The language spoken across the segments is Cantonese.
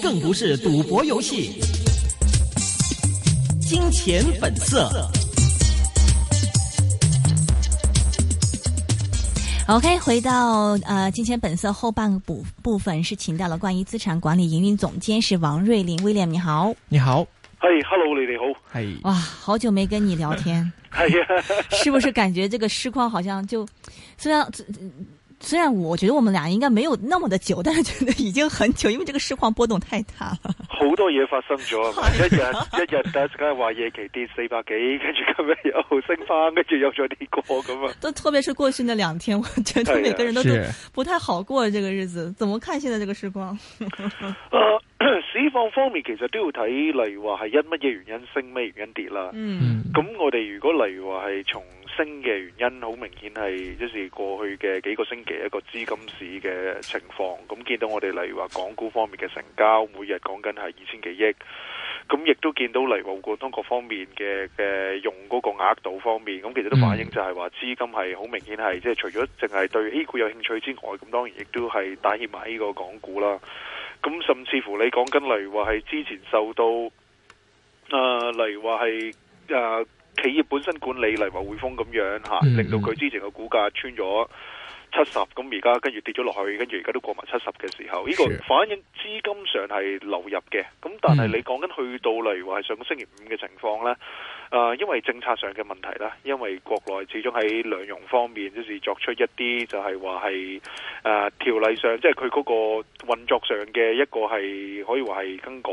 更不是賭博遊戲，金金 okay, 呃《金錢本色》。OK，回到呃，《金錢本色》後半部部分是請到了關於資產管理營運總監是王瑞麟，威廉，你好，你好，嘿、hey,，Hello，你哋好，係哇，好久沒跟你聊天， 是不是感覺這個時況好像就雖然。是雖然我覺得我們倆應該沒有那麼的久，但是覺得已經很久，因為這個市況波動太大了。好多嘢發生咗， 一日一日，大家話夜期跌四百幾，跟住今日又升返，跟住又再跌過咁啊！都特別是過去那兩天，我覺得每個人都都不太好過。這個日子，怎麼看現在這個市況？市 況、啊、方面其實都要睇，例如話係因乜嘢原因升，咩原因跌啦。嗯，咁我哋如果例如話係從。升嘅原因好明顯係，即是過去嘅幾個星期一個資金市嘅情況。咁見到我哋例如話港股方面嘅成交，每日講緊係二千幾億。咁亦都見到嚟滬港通各方面嘅嘅用嗰個額度方面，咁其實都反映就係話資金係好明顯係，即、就、係、是、除咗淨係對 A 股有興趣之外，咁當然亦都係帶起埋呢個港股啦。咁甚至乎你講緊例如話係之前受到，誒、啊，例如話係誒。啊企業本身管理，例如話匯豐咁樣吓，令到佢之前嘅股價穿咗七十，咁而家跟住跌咗落去，跟住而家都過埋七十嘅時候，呢個反映資金上係流入嘅。咁但係你講緊去到例如話係上個星期五嘅情況呢，誒、呃，因為政策上嘅問題啦，因為國內始終喺兩融方面，即是作出一啲就係話係誒條例上，即係佢嗰個運作上嘅一個係可以話係更改。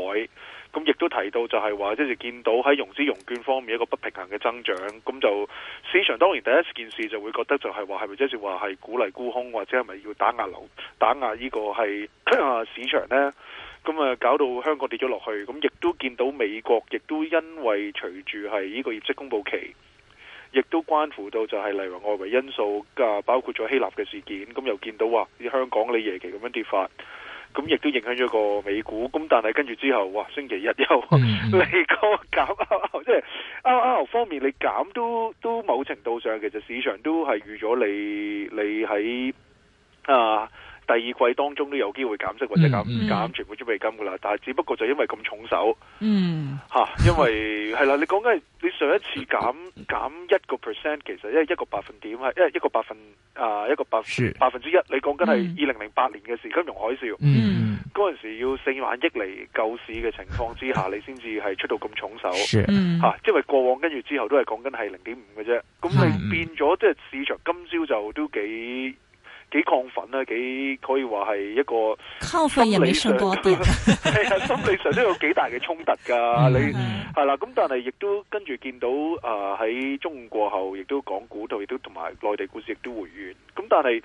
咁亦都提到就係話，即係見到喺融資融券方面一個不平衡嘅增長，咁就市場當然第一件事就會覺得就係話係咪即是話係鼓勵沽空，或者係咪要打壓樓、打壓呢個係 市場咧？咁啊搞到香港跌咗落去，咁亦都見到美國亦都因為隨住係呢個業績公布期，亦都關乎到就係例如外圍因素，包括咗希臘嘅事件，咁又見到話，香港你夜期咁樣跌法。咁亦都影響咗個美股，咁但係跟住之後，哇！星期一又嚟個減，嗯、 減 RR, 即係 R R 方面你減都都某程度上，其實市場都係預咗你你喺啊。第二季當中都有機會減息或者減減、嗯嗯、全部準備金㗎喇，但係只不過就因為咁重手，嚇、嗯啊，因為係啦， 你講緊你上一次減減一個 percent，其實一一個百分點係一一個百分啊一個百分百分之一，你講緊係二零零八年嘅時、嗯、金融海嘯，嗰、嗯、陣、嗯、時要四萬億嚟救市嘅情況之下，你先至係出到咁重手，嚇、嗯啊，因為過往跟住之後都係講緊係零點五嘅啫，咁咪變咗即係市場今朝就都幾。幾亢奮啊，幾可以話係一個理，亢奮多啲，係 啊， 心理上都有幾大嘅衝突噶， 你係啦，咁、嗯、但係亦都跟住見到啊喺、呃、中午過後，亦都港股度，亦都同埋內地股市亦都回軟。咁但係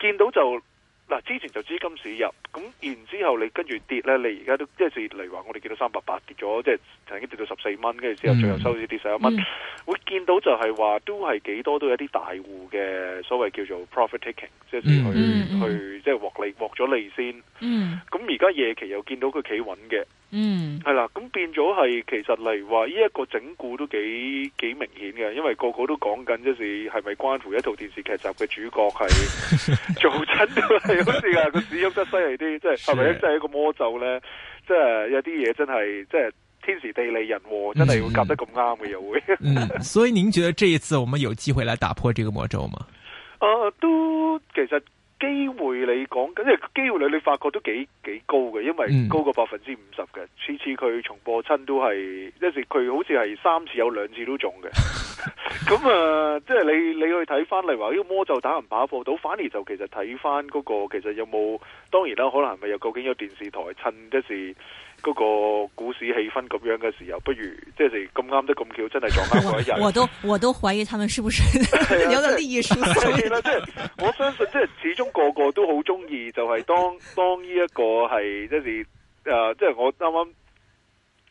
見到就。嗱，之前就資金市入，咁然之後你跟住跌咧，你而家都即係例如話，我哋見到三百八跌咗，即係曾經跌到十四蚊，跟住之後最後收市跌十一蚊。會見到就係話，都係幾多都有啲大戶嘅所謂叫做 profit taking，即係去、嗯、去即係獲利獲咗利先。嗯，咁而家夜期又見到佢企穩嘅。嗯，係啦，咁變咗係其實例如話呢一個整蠱都幾幾明顯嘅，因為個個都講緊即是係咪關乎一套電視劇集嘅主角係做親都係好似啊，個屎忽得犀利啲，即係係咪真係一個魔咒咧？即、就、係、是、有啲嘢真係即係天時地利人和，嗯、真係會夾得咁啱嘅又會。嗯、 所以您覺得這一次我們有機會來打破這個魔咒嗎？誒、啊，都其實。機會你講緊，即係機會你你發覺都幾幾高嘅，因為高過百分之五十嘅，的次次佢重播親都係，一時佢好似係三次有兩次都中嘅。咁 啊、呃，即係你你去睇翻，例如話呢個魔咒打唔打破到，反而就其實睇翻嗰個其實有冇，當然啦，可能係咪又究竟有電視台趁一時？嗰、那個股市氣氛咁樣嘅時候，不如即係咁啱得咁巧，真係撞啱嗰一日。 我都我都懷疑他們是不是自己的利益輸送。即係我相信，即係始終個個都好中意，就係當當呢一個係即係啊！即、呃、係、就是、我啱啱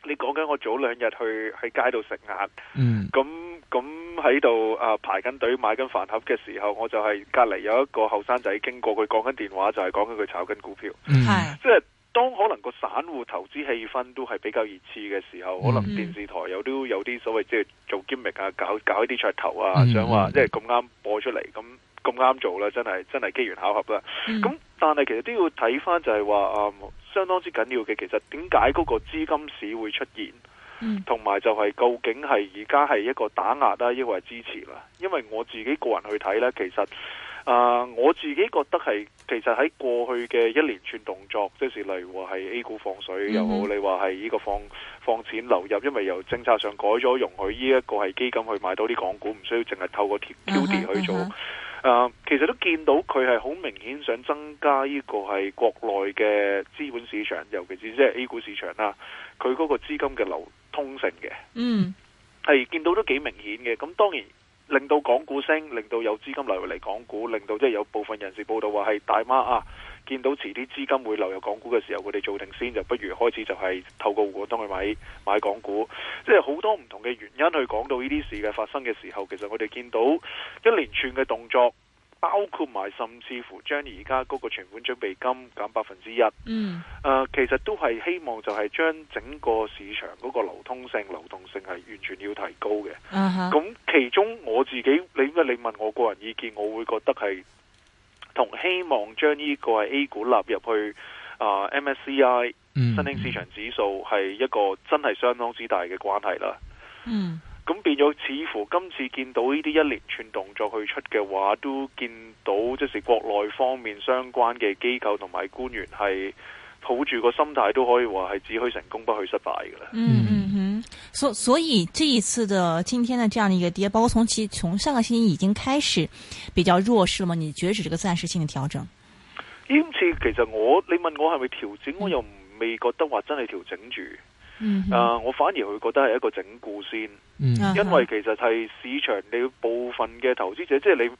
你講緊，我早兩日去喺街度食晏，咁咁喺度啊排緊隊買緊飯盒嘅時候，我就係隔籬有一個後生仔經過，佢講緊電話，就係講緊佢炒緊股票，嗯，即、就、係、是。當可能個散戶投資氣氛都係比較熱刺嘅時候，嗯，可能電視台有都有啲所謂即係做揭秘啊，搞搞一啲噱頭啊，想、嗯、話、嗯、即係咁啱播出嚟，咁咁啱做啦，真係真係機緣巧合啦。咁、嗯、但係其實都要睇翻就係話啊，相當之緊要嘅。其實點解嗰個資金市會出現，同、嗯、埋就係究竟係而家係一個打壓啦、啊，抑或支持啦、啊？因為我自己個人去睇呢，其實。啊、uh，我自己覺得係其實喺過去嘅一連串動作，即是例如話係 A 股放水、mm -hmm. 又好，你話係呢個放放錢流入，因為由政策上改咗容許呢一個係基金去買多啲港股，唔需要淨係透過 QD 去做。Mm -hmm. uh, 其實都見到佢係好明顯想增加呢個係國內嘅資本市場，尤其是即係 A 股市場啦，佢嗰個資金嘅流通性嘅，嗯，係見到都幾明顯嘅。咁當然。令到港股升，令到有資金流入嚟港股，令到即係有部分人士報道話係大媽啊，見到遲啲資金會流入港股嘅時候，佢哋做定先，就不如開始就係透過滬港通去買買港股。即係好多唔同嘅原因去講到呢啲事嘅發生嘅時候，其實我哋見到一連串嘅動作。包括埋甚至乎將而家嗰個存款準備金減百分之一，嗯，誒、呃，其實都係希望就係將整個市場嗰個流通性、流動性係完全要提高嘅。咁、啊、其中我自己，你咩？你問我個人意見，我會覺得係同希望將呢個係 A 股納入去、啊、呃、MSCI、嗯、新興市場指數係一個真係相當之大嘅關係啦。嗯。咁變咗，似乎今次見到呢啲一連串動作去出嘅話，都見到即係國內方面相關嘅機構同埋官員係抱住個心態，都可以話係只許成功不許失敗噶啦。嗯嗯，嗯，所以所以這一次的今天的這樣的一個跌包，包括從期從上個星期已經開始比較弱勢嘛，你覺得是這個暫時性的調整？今次其實我你問我係咪調整，我又未覺得話真係調整住。嗯、uh, mm -hmm. 我反而會覺得係一個整固先，mm -hmm. 因為其實係市場你部分嘅投資者，即、就、係、是、你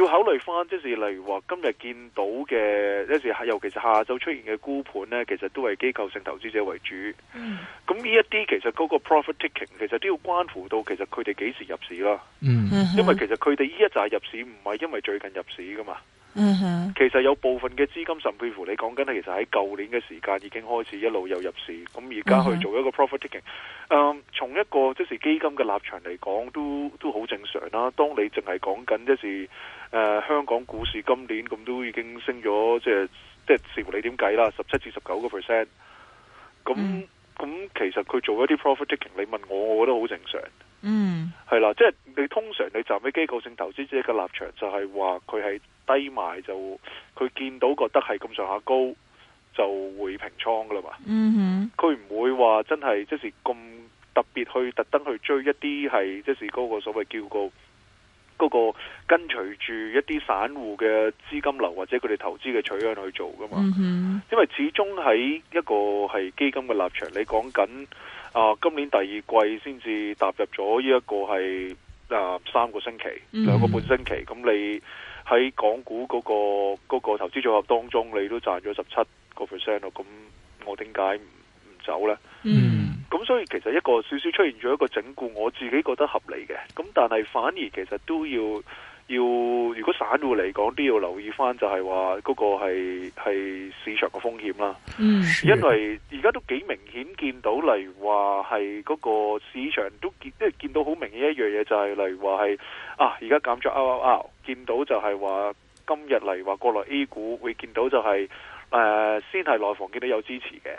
要考慮翻，即、就、係、是、例如話今日見到嘅，即是尤其是下晝出現嘅沽盤呢，其實都係機構性投資者為主。嗯，咁呢一啲其實嗰個 profit taking 其實都要關乎到，其實佢哋幾時入市啦，嗯，mm -hmm. 因為其實佢哋呢一就入市，唔係因為最近入市噶嘛。嗯哼，其實有部分嘅資金，甚至乎你講緊，其實喺舊年嘅時間已經開始一路又入市，咁而家去做一個 profit taking，i 嗯，嗯，從一個即係基金嘅立場嚟講，都都好正常啦，啊。當你淨係講緊即係誒、呃、香港股市今年咁都已經升咗，即係即係視乎你點計啦，十七至十九個 percent，咁咁其實佢做一啲 profit taking，i 你問我，我覺得好正常。嗯，係啦，即、就、係、是、你通常你站喺機構性投資者嘅立場，就係話佢係，低埋就佢見到覺得係咁上下高，就會平倉噶啦、嗯就是就是那個那個、嘛。嗯哼，佢唔會話真係即係咁特別去特登去追一啲係即係嗰個所謂叫個嗰個跟隨住一啲散戶嘅資金流或者佢哋投資嘅取向去做噶嘛。嗯哼，因為始終喺一個係基金嘅立場，你講緊啊今年第二季先至踏入咗呢一個係啊、呃、三個星期兩個半星期，咁、嗯、你。喺港股嗰個嗰個投資組合當中，你都賺咗十七個 percent 咯。咁我點解唔走咧？嗯。咁所以其實一個少少出現咗一個整固，我自己覺得合理嘅。咁但係反而其實都要要，如果散戶嚟講，都要留意翻，就係話嗰個係係市場嘅風險啦。嗯、mm.。因為而家都幾明顯見到，例如話係嗰個市場都見即係見到好明顯一樣嘢，就係例如話係啊，而家減咗拗拗拗。見到就係話今日嚟話國內 A 股會見到就係、是、誒、呃，先係內房見到有支持嘅。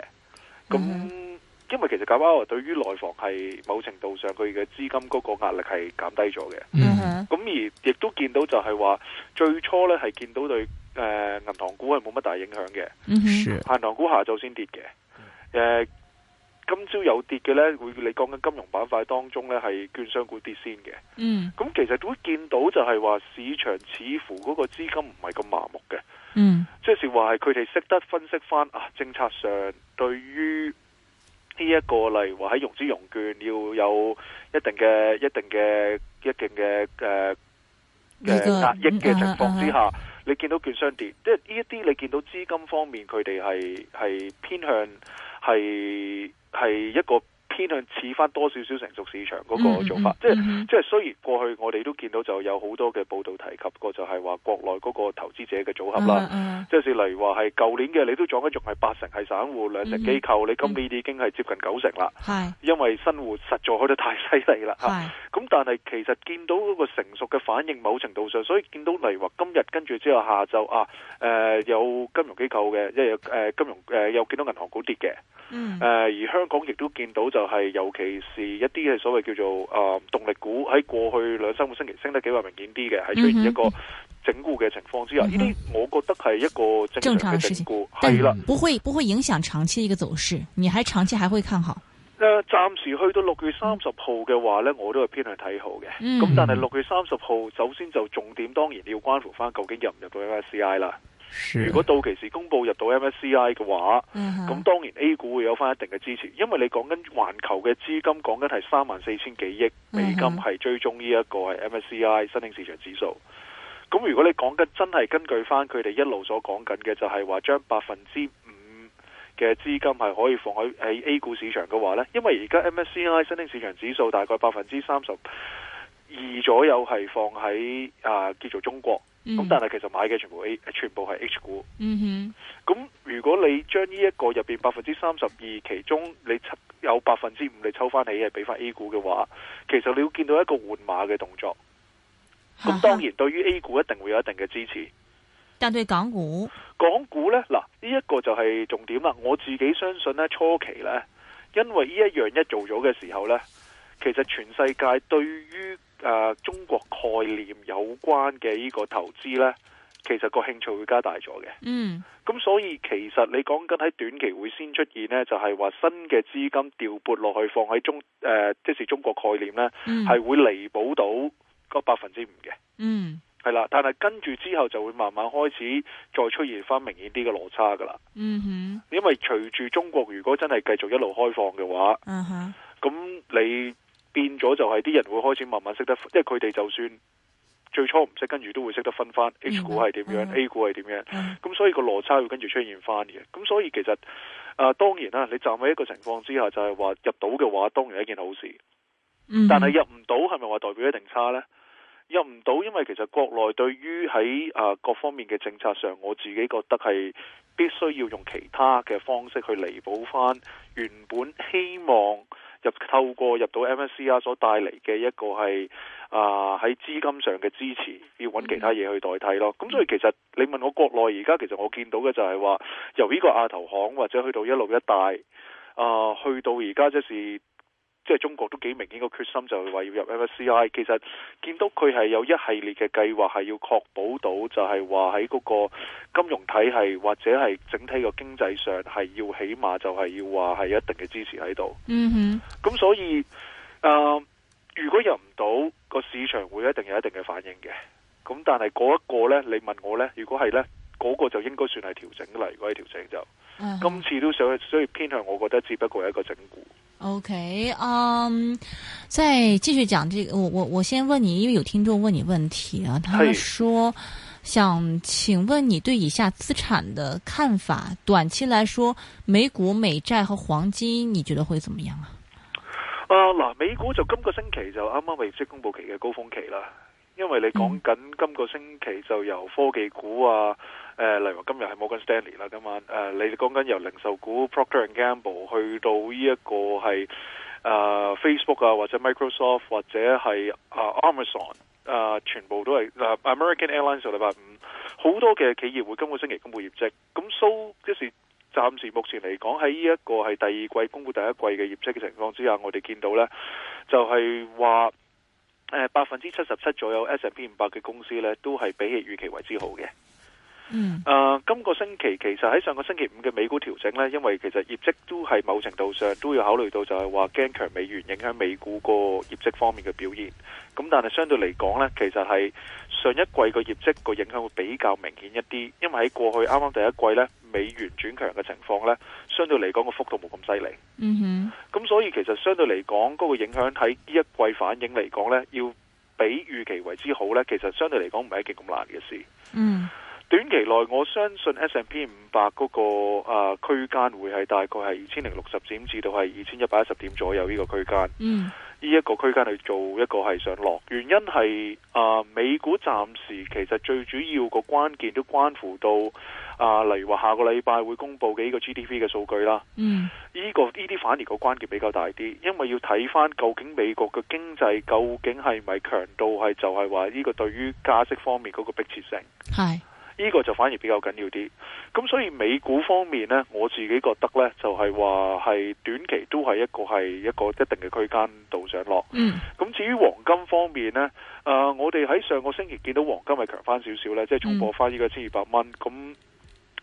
咁、mm -hmm. 因為其實格瓦爾對於內房係某程度上佢嘅資金嗰個壓力係減低咗嘅。咁、mm -hmm. 而亦都見到就係話最初呢係見到對誒銀行股係冇乜大影響嘅。銀行股、mm -hmm. 下晝先跌嘅。誒、mm -hmm. 嗯。今朝有跌嘅呢，會你講緊金融板塊當中呢，係券商股跌先嘅。嗯，咁其實都會見到就係話市場似乎嗰個資金唔係咁麻木嘅。嗯，即、係話係佢哋識得分析翻啊，政策上對於呢一個例如，話喺融資融券要有一定嘅、一定嘅、一定嘅誒嘅壓抑嘅情況之下、嗯啊啊啊，你見到券商跌，即係呢一啲你見到資金方面佢哋係係偏向。係係一個。偏向似翻多少少成熟市場嗰個做法，嗯、即係、嗯、即係、嗯、雖然過去我哋都見到就有好多嘅報道提及過，就係、是、話國內嗰個投資者嘅組合啦、嗯嗯，即係例如話係舊年嘅，你都講緊仲係八成係散戶，兩成機構，嗯、你今年已經係接近九成啦、嗯嗯。因為新戶實在開得太犀利啦。係、嗯、咁、啊，但係其實見到嗰個成熟嘅反應，某程度上，所以見到例如話今日跟住之後下晝啊，誒、呃、有金融機構嘅，因為誒金融誒、呃、有見到銀行股跌嘅，誒、嗯呃、而香港亦都見到就。係，尤其是一啲係所謂叫做誒、呃、動力股，喺過去兩三個星期升得幾萬明顯啲嘅，係、嗯、出現一個整固嘅情況之下，呢啲、嗯、我覺得係一個正常嘅整固係啦，不會不會影響長期一個走勢，你還長期還會看好？誒、呃，暫時去到六月三十號嘅話咧，我都係偏向睇好嘅，咁、嗯、但係六月三十號，首先就重點當然要關乎翻究竟入唔入到一個 C I 啦。如果到期時公布入到 MSCI 嘅話，咁、mm -hmm. 當然 A 股會有翻一定嘅支持，因為你講緊環球嘅資金講緊係三萬四千幾億美金係追蹤呢一個係 MSCI 新興市場指數。咁如果你講緊真係根據翻佢哋一路所講緊嘅，就係話將百分之五嘅資金係可以放喺喺 A 股市場嘅話呢，因為而家 MSCI 新興市場指數大概百分之三十二左右係放喺啊，叫做中國咁、嗯，但係其實買嘅全部 A，全部係 H 股。咁、嗯、如果你將呢一個入邊百分之三十二，其中你 7, 有百分之五你抽翻起，係俾翻 A 股嘅話，其實你會見到一個換馬嘅動作。咁當然，對於 A 股一定會有一定嘅支持。但對港股，港股呢，嗱，呢、這、一個就係重點啦。我自己相信呢初期呢，因為呢一樣一做咗嘅時候呢。其實全世界對於誒、呃、中國概念有關嘅呢個投資呢，其實個興趣會加大咗嘅。嗯，咁所以其實你講緊喺短期會先出現呢，就係、是、話新嘅資金調撥落去放喺中誒，即、呃就是中國概念呢，係、嗯、會彌補到嗰百分之五嘅。嗯，係啦，但係跟住之後就會慢慢開始再出現翻明顯啲嘅落差噶啦。嗯哼，因為隨住中國如果真係繼續一路開放嘅話，嗯、啊、哼，咁你。變咗就係啲人會開始慢慢識得，即係佢哋就算最初唔識，跟住都會識得分翻。H 股係點樣、嗯嗯、A 股係點樣，咁、嗯、所以個落差會跟住出現翻嘅。咁所以其實，啊、當然啦，你站喺一個情況之下就，就係話入到嘅話，當然係一件好事。嗯、但係入唔到係咪話代表一定差呢？入唔到，因為其實國內對於喺誒各方面嘅政策上，我自己覺得係必須要用其他嘅方式去彌補翻原本希望。入透過入到 MSC 啊，所帶嚟嘅一個係啊喺資金上嘅支持，要揾其他嘢去代替咯。咁所以其實你問我國內而家，其實我見到嘅就係話，由呢個亞投行或者去到一路一帶啊、呃，去到而家即係。即、就、係、是、中國都幾明顯個決心，就話要入 MSCI 其實見到佢係有一系列嘅計劃，係要確保到就係話喺嗰個金融體系或者係整體個經濟上，係要起碼就係要話係一定嘅支持喺度。咁所以、呃，如果入唔到個市場，會一定有一定嘅反應嘅。咁但係嗰一個呢，你問我呢，如果係呢，嗰、那個就應該算係調整嚟。如果係調整就，mm -hmm. 今次都想所以偏向，我覺得只不過係一個整固。OK，嗯、um，再繼續講這個，我我我先問你，因為有聽眾問你問題啊，他們說，想請問你對以下資產的看法，短期來說，美股、美債和黃金，你覺得會怎麼樣啊？啊，嗱，美股就今個星期就啱啱未即公布期嘅高峰期啦，因為你講緊今個星期就由科技股啊。誒、呃，例如今日係摩根 Stanley 啦，今晚誒、呃，你講緊由零售股 Procter and Gamble 去到呢一個係、呃、Facebook 啊，或者 Microsoft 或者係啊、呃、Amazon 啊、呃，全部都係、呃、American Airlines 就禮拜五好多嘅企業會今個星期公布業績。咁蘇即是暫時目前嚟講喺呢一個係第二季公布第一季嘅業績嘅情況之下，我哋見到咧就係話誒百分之七十七左右 S&P 五百嘅公司咧，都係比起預期為之好嘅。嗯、呃，今個星期其實喺上個星期五嘅美股調整呢，因為其實業績都係某程度上都要考慮到，就係話驚強美元影響美股個業績方面嘅表現。咁但係相對嚟講呢，其實係上一季個業績個影響會比較明顯一啲，因為喺過去啱啱第一季呢，美元轉強嘅情況呢，相對嚟講個幅度冇咁犀利。咁、嗯哼、所以其實相對嚟講嗰個影響，喺呢一季反應嚟講呢，要比預期為之好呢，其實相對嚟講唔係一件咁難嘅事。嗯。短期內，我相信 S and P 五百嗰個啊區間會係大概係二千零六十點至到係二千一百一十點左右呢個區間。嗯，呢一個區間去做一個係上落，原因係啊美股暫時其實最主要個關鍵都關乎到啊，例如話下個禮拜會公布嘅呢個 GDP 嘅數據啦。嗯，呢個呢啲反而個關鍵比較大啲，因為要睇翻究竟美國嘅經濟究竟係咪強度係就係話呢個對於加息方面嗰個迫切性。係。呢、這個就反而比較緊要啲，咁所以美股方面呢，我自己覺得呢就係話係短期都係一個係一個一定嘅區間度上落。咁、嗯、至於黃金方面呢，誒、呃，我哋喺上個星期見到黃金係強翻少少呢，即係衝破翻呢個千二百蚊。咁、嗯、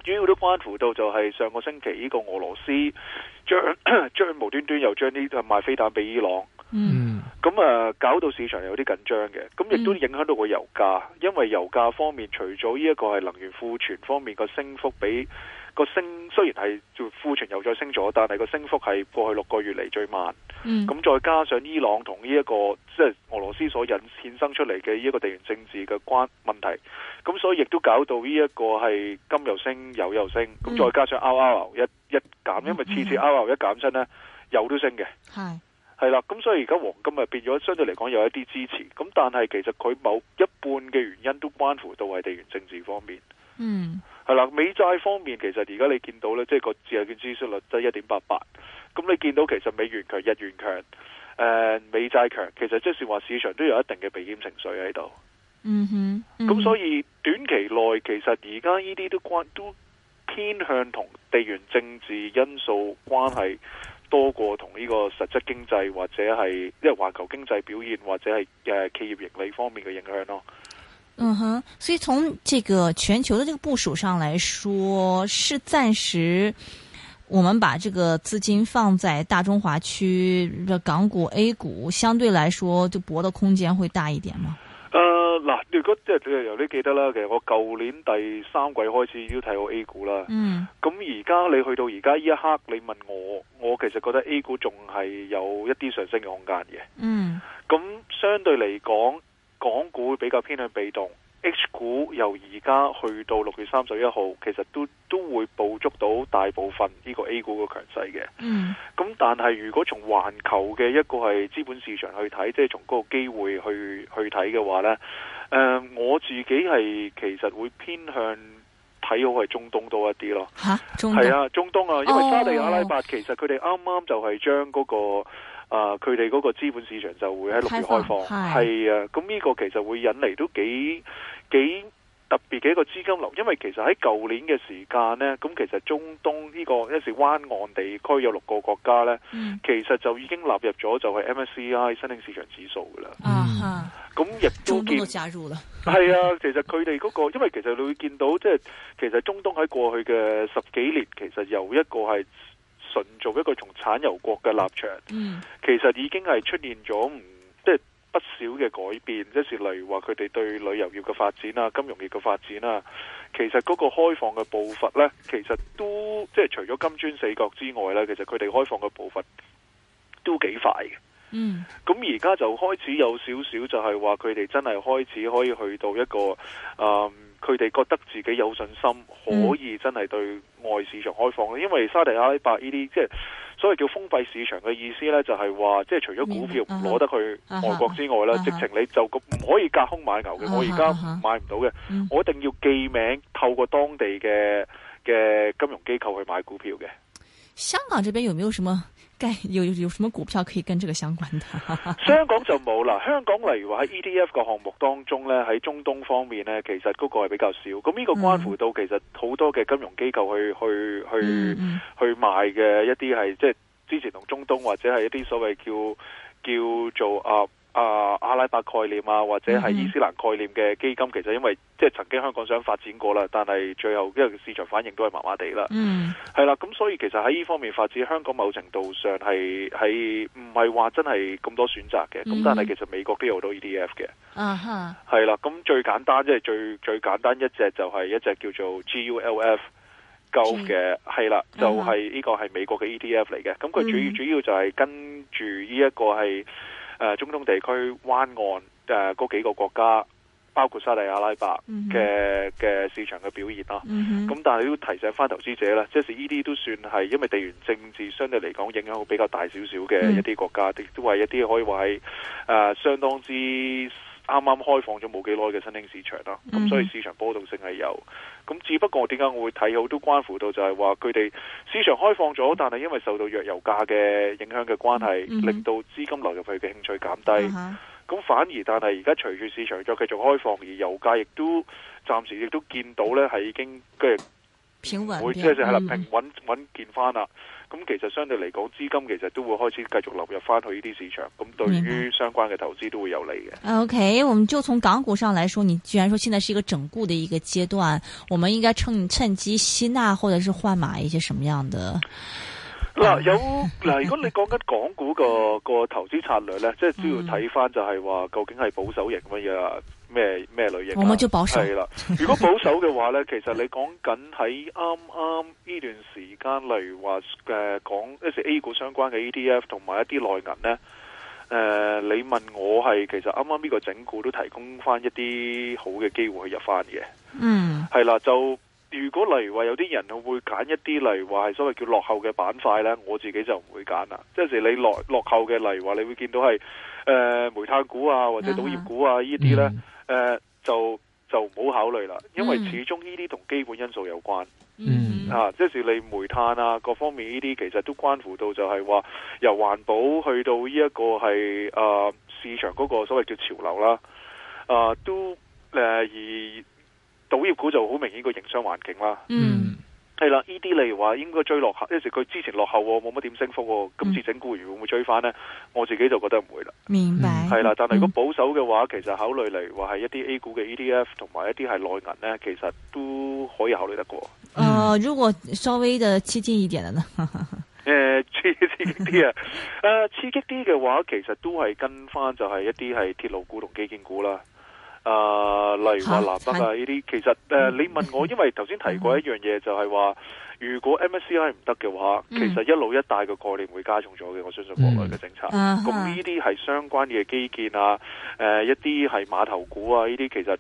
主要都關乎到就係上個星期呢個俄羅斯將 將無端端又將啲賣飛彈俾伊朗。嗯咁啊，搞到市場有啲緊張嘅，咁亦都影響到個油價，嗯，因為油價方面，除咗呢一個係能源庫存方面個升幅比個升，雖然係庫存又再升咗，但係個升幅係過去六個月嚟最慢。咁、嗯、再加上伊朗同呢一個即係、就是、俄羅斯所引衍生出嚟嘅呢一個地緣政治嘅關問題，咁所以亦都搞到呢一個係金又升油又升，咁、嗯、再加上 r L 一一減、嗯，因為次次 r L 一減身呢油都升嘅，係啦，咁所以而家黃金啊變咗相對嚟講有一啲支持，咁但係其實佢某一半嘅原因都關乎到係地緣政治方面。嗯，係啦，美債方面其實而家你見到咧，即、就、係、是、個自由嘅孳息率即係一點八八，咁你見到其實美元強，日元強，誒、呃，美債強，其實即係話市場都有一定嘅避險情緒喺度。嗯哼，咁、嗯、所以短期內其實而家呢啲都關都偏向同地緣政治因素關係。嗯多過同呢個實質經濟或者係，因為環球經濟表現或者係，誒、啊、企業盈利方面嘅影響咯、啊。嗯哼，所以從這個全球的這個部署上來說，是暫時，我們把這個資金放在大中華區、港股、A 股，相對來說就搏的空間會大一點嘛？嗱，如果即係，其實由你記得啦，其實我舊年第三季開始已經睇好 A 股啦。嗯，咁而家你去到而家呢一刻，你問我，我其實覺得 A 股仲係有一啲上升嘅空間嘅。嗯，咁相對嚟講，港股比較偏向被動。H 股由而家去到六月三十一號，其實都都會捕捉到大部分呢個 A 股嘅強勢嘅。嗯，咁、嗯、但係如果從環球嘅一個係資本市場去睇，即係從嗰個機會去去睇嘅話呢，誒、呃，我自己係其實會偏向睇好係中東多一啲咯。吓，中東係啊，中東啊，因為沙地阿拉伯其實佢哋啱啱就係將嗰個。啊、呃！佢哋嗰個資本市場就會喺六月開放，係啊，咁呢個其實會引嚟，都幾幾特別嘅一個資金流，因為其實喺舊年嘅時間呢，咁其實中東呢、這個一時灣岸地區有六個國家呢、嗯、其實就已經納入咗就係 MSCI 新興市場指數噶啦。咁、嗯、亦、嗯、都見中東都加入了。係啊，其實佢哋嗰個，因為其實你會見到，即、就、係、是、其實中東喺過去嘅十幾年，其實由一個系。純做一個從產油國嘅立場，其實已經係出現咗唔即係不少嘅、就是、改變，即是例如話佢哋對旅遊業嘅發展啊、金融業嘅發展啊，其實嗰個開放嘅步伐呢，其實都即係、就是、除咗金磚四國之外呢，其實佢哋開放嘅步伐都幾快嘅。嗯，咁而家就開始有少少就係話佢哋真係開始可以去到一個誒。嗯佢哋覺得自己有信心可以真係對外市場開放、嗯、因為沙特阿拉伯呢啲即係所謂叫封閉市場嘅意思呢，就係話即係除咗股票唔攞得去外國之外啦、嗯啊，直情你就唔可以隔空買牛嘅、啊。我而家買唔到嘅、嗯，我一定要記名透過當地嘅嘅金融機構去買股票嘅。香港這邊有沒有什麼？有有有什麼股票可以跟這個相關的？香港就冇啦。香港例如話喺 EDF 個項目當中呢，喺中東方面呢，其實嗰個係比較少。咁呢個關乎到其實好多嘅金融機構去、嗯、去去、嗯、去賣嘅一啲係，即、就、係、是、之前同中東或者係一啲所謂叫叫做啊。Uh, 啊，阿拉伯概念啊，或者係伊斯蘭概念嘅基金、嗯，其實因為即係、就是、曾經香港想發展過啦，但係最後因為市場反應都係麻麻地啦，嗯，係啦，咁所以其實喺呢方面發展，香港某程度上係係唔係話真係咁多選擇嘅，咁、嗯、但係其實美國都有好多 E T F 嘅，啊哈，係啦，咁最簡單即係最最簡單一隻就係一隻叫做 G U L F，GO 嘅係啦，就係、是、呢個係美國嘅 E T F 嚟嘅，咁佢主要主要就係跟住呢一個係。嗯是誒中東地區灣岸誒、呃、嗰幾個國家，包括沙地阿拉伯嘅嘅、mm -hmm. 市場嘅表現啦。咁、mm -hmm. 但係都提醒翻，投資者啦，即係呢啲都算係因為地緣政治相對嚟,講影響會比較大少少嘅一啲國家，亦、mm -hmm. 都係一啲可以話係誒相當之。啱啱開放咗冇幾耐嘅新興市場啦，咁所以市場波動性係有，咁只不過點解我會睇好都關乎到就係話佢哋市場開放咗，但係因為受到弱油價嘅影響嘅關係、嗯，令到資金流入去嘅興趣減低，咁、嗯、反而但係而家隨住市場再繼續開放，而油價亦都暫時亦都見到呢係已經即係平穩見平穩見翻啦。嗯咁其實相對嚟講，資金其實都會開始繼續流入翻去呢啲市場。咁對於相關嘅投資都會有利嘅。Mm-hmm. OK，我們就從港股上來說，你既然說現在是一個整固的一個階段，我們應該趁趁機吸納，或者是換買一些什麼樣的？嗱 有，嗱，如果你講緊港股個個投資策略咧，即係主要睇翻就係話究竟係保守型乜嘢啊咩咩類型？我們就保守係啦。如果的、 嗯、保守嘅、啊、 話咧，其實你講緊喺啱啱呢段時間，例如話誒，講 S A 股相關嘅 ETF 同埋一啲內銀咧，誒、呃、你問我係，其實啱啱呢個整固都提供翻一啲好嘅機會去入翻嘅。嗯，係啦就。如果例如話有啲人會揀一啲例如話係所謂叫落後嘅板塊呢，我自己就唔會揀啦。即係你落落後嘅例如話，你會見到係誒、呃、煤炭股啊或者賭業股啊呢啲、uh -huh. 呢，誒、mm. 呃、就就唔好考慮啦，因為始終呢啲同基本因素有關。嗯、mm. 啊，即係你煤炭啊各方面呢啲，其實都關乎到就係話由環保去到呢一個係誒、呃、市場嗰個所謂叫潮流啦。啊、呃、都誒、呃、而。賭業股就好明顯個營商環境啦。嗯，係啦，呢啲例如話應該追落後，有時佢之前落後冇乜點升幅，今次整固完會唔會追翻呢？我自己就覺得唔會啦。明白。係啦，但係如果保守嘅話、嗯，其實考慮嚟話係一啲 A 股嘅 ETF 同埋一啲係內銀呢，其實都可以考慮得過、呃嗯。如果稍微嘅刺激一點嘅呢？誒、 呃，刺激啲啊！誒、呃，刺激啲嘅話，其實都係跟翻就係一啲係鐵路股同基建股啦。啊、uh，例如話南北啊呢啲，啊，其實誒、啊，你問我，因為頭先提過一樣嘢，就係話如果 MSCI 唔得嘅話，嗯，其實一路一帶嘅概念會加重咗嘅。我相信國內嘅政策，咁呢啲係相關嘅基建啊，誒、呃，一啲係碼頭股啊，呢啲其實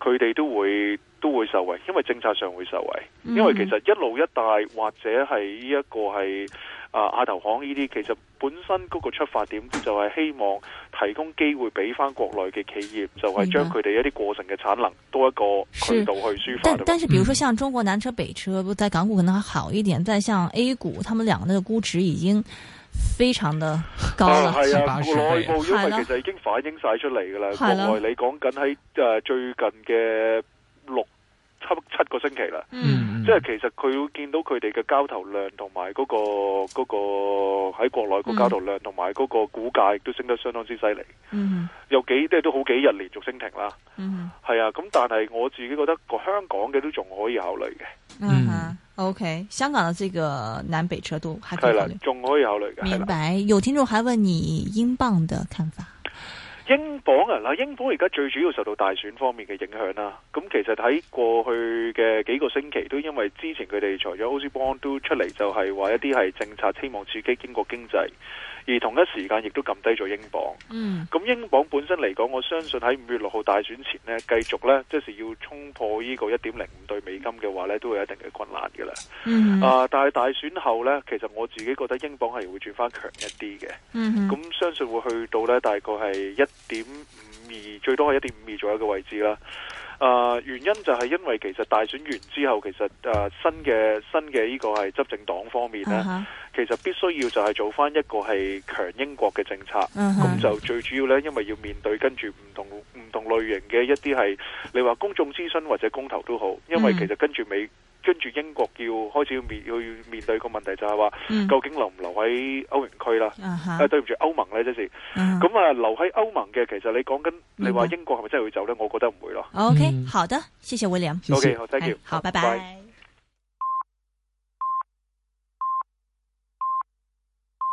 佢哋都會都會受惠，因為政策上會受惠，嗯、因為其實一路一帶或者係呢一個係啊，亞投行呢啲其實。本身嗰個出發點就係希望提供機會俾翻國內嘅企業，就係、是、將佢哋一啲過剩嘅產能，多一個渠道去消化。但但是，比如說像中國南車、北車，不在港股可能好一點，再像 A 股，他們兩個嘅估值已經非常的高了。係啊，啊國內部因為其實已經反映晒出嚟噶啦。國內,、啊、國內你講緊喺誒最近嘅六。吸七個星期啦、嗯，即係其實佢會見到佢哋嘅交投量同埋嗰個、嗰個喺國內嘅交投量，同埋嗰個股價都升得相當之犀利、嗯。有幾即係都好幾日連續升停啦。係、嗯、啊，咁但係我自己覺得個香港嘅都仲可以考慮嘅。嗯、嗯、啊、，OK，香港嘅呢個南北車都還可仲可以考慮嘅。明白。有聽眾還問你英鎊的看法。英鎊啊，嗱，英鎊而家最主要受到大選方面嘅影響啦、啊。咁其實喺過去嘅幾個星期，都因為之前佢哋除咗 O 型 bond 都出嚟，就係話一啲係政策，希望刺激英國經濟。而同一時間亦都撳低咗英鎊。嗯。咁英鎊本身嚟講，我相信喺五月六號大選前呢，繼續呢，即係要衝破呢個一點零五對美金嘅話呢，都會有一定嘅困難嘅啦。嗯。啊，但係大選後呢，其實我自己覺得英鎊係會轉翻強一啲嘅。嗯。咁相信會去到呢，大概係一點五二，最多係一點五二左右嘅位置啦。啊、呃，原因就係因為其實大選完之後，其實誒、呃、新嘅新嘅呢個係執政黨方面呢、Uh-huh. 其實必須要就係做翻一個係強英國嘅政策，咁、Uh-huh. 就最主要呢，因為要面對跟住唔同唔同類型嘅一啲係，你話公眾諮詢或者公投都好，因為其實跟住美。Uh-huh. 跟住英國要開始要面要面對個問題就係話，究竟留唔留喺歐元區啦？誒，對唔住，歐盟咧即時咁啊！留喺歐盟嘅其實你講緊，你話英國係咪真係會走咧？我覺得唔會咯。O K，好的，謝謝 William。O K，好，再見。好，拜拜。